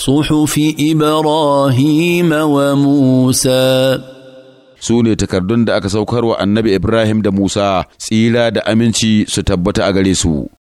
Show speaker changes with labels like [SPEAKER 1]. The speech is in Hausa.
[SPEAKER 1] صحف إبراهيم Musa. Sune takardun da aka saukar wa annabi Ibrahim da Musa tsira da aminci su tabbata
[SPEAKER 2] a gare su.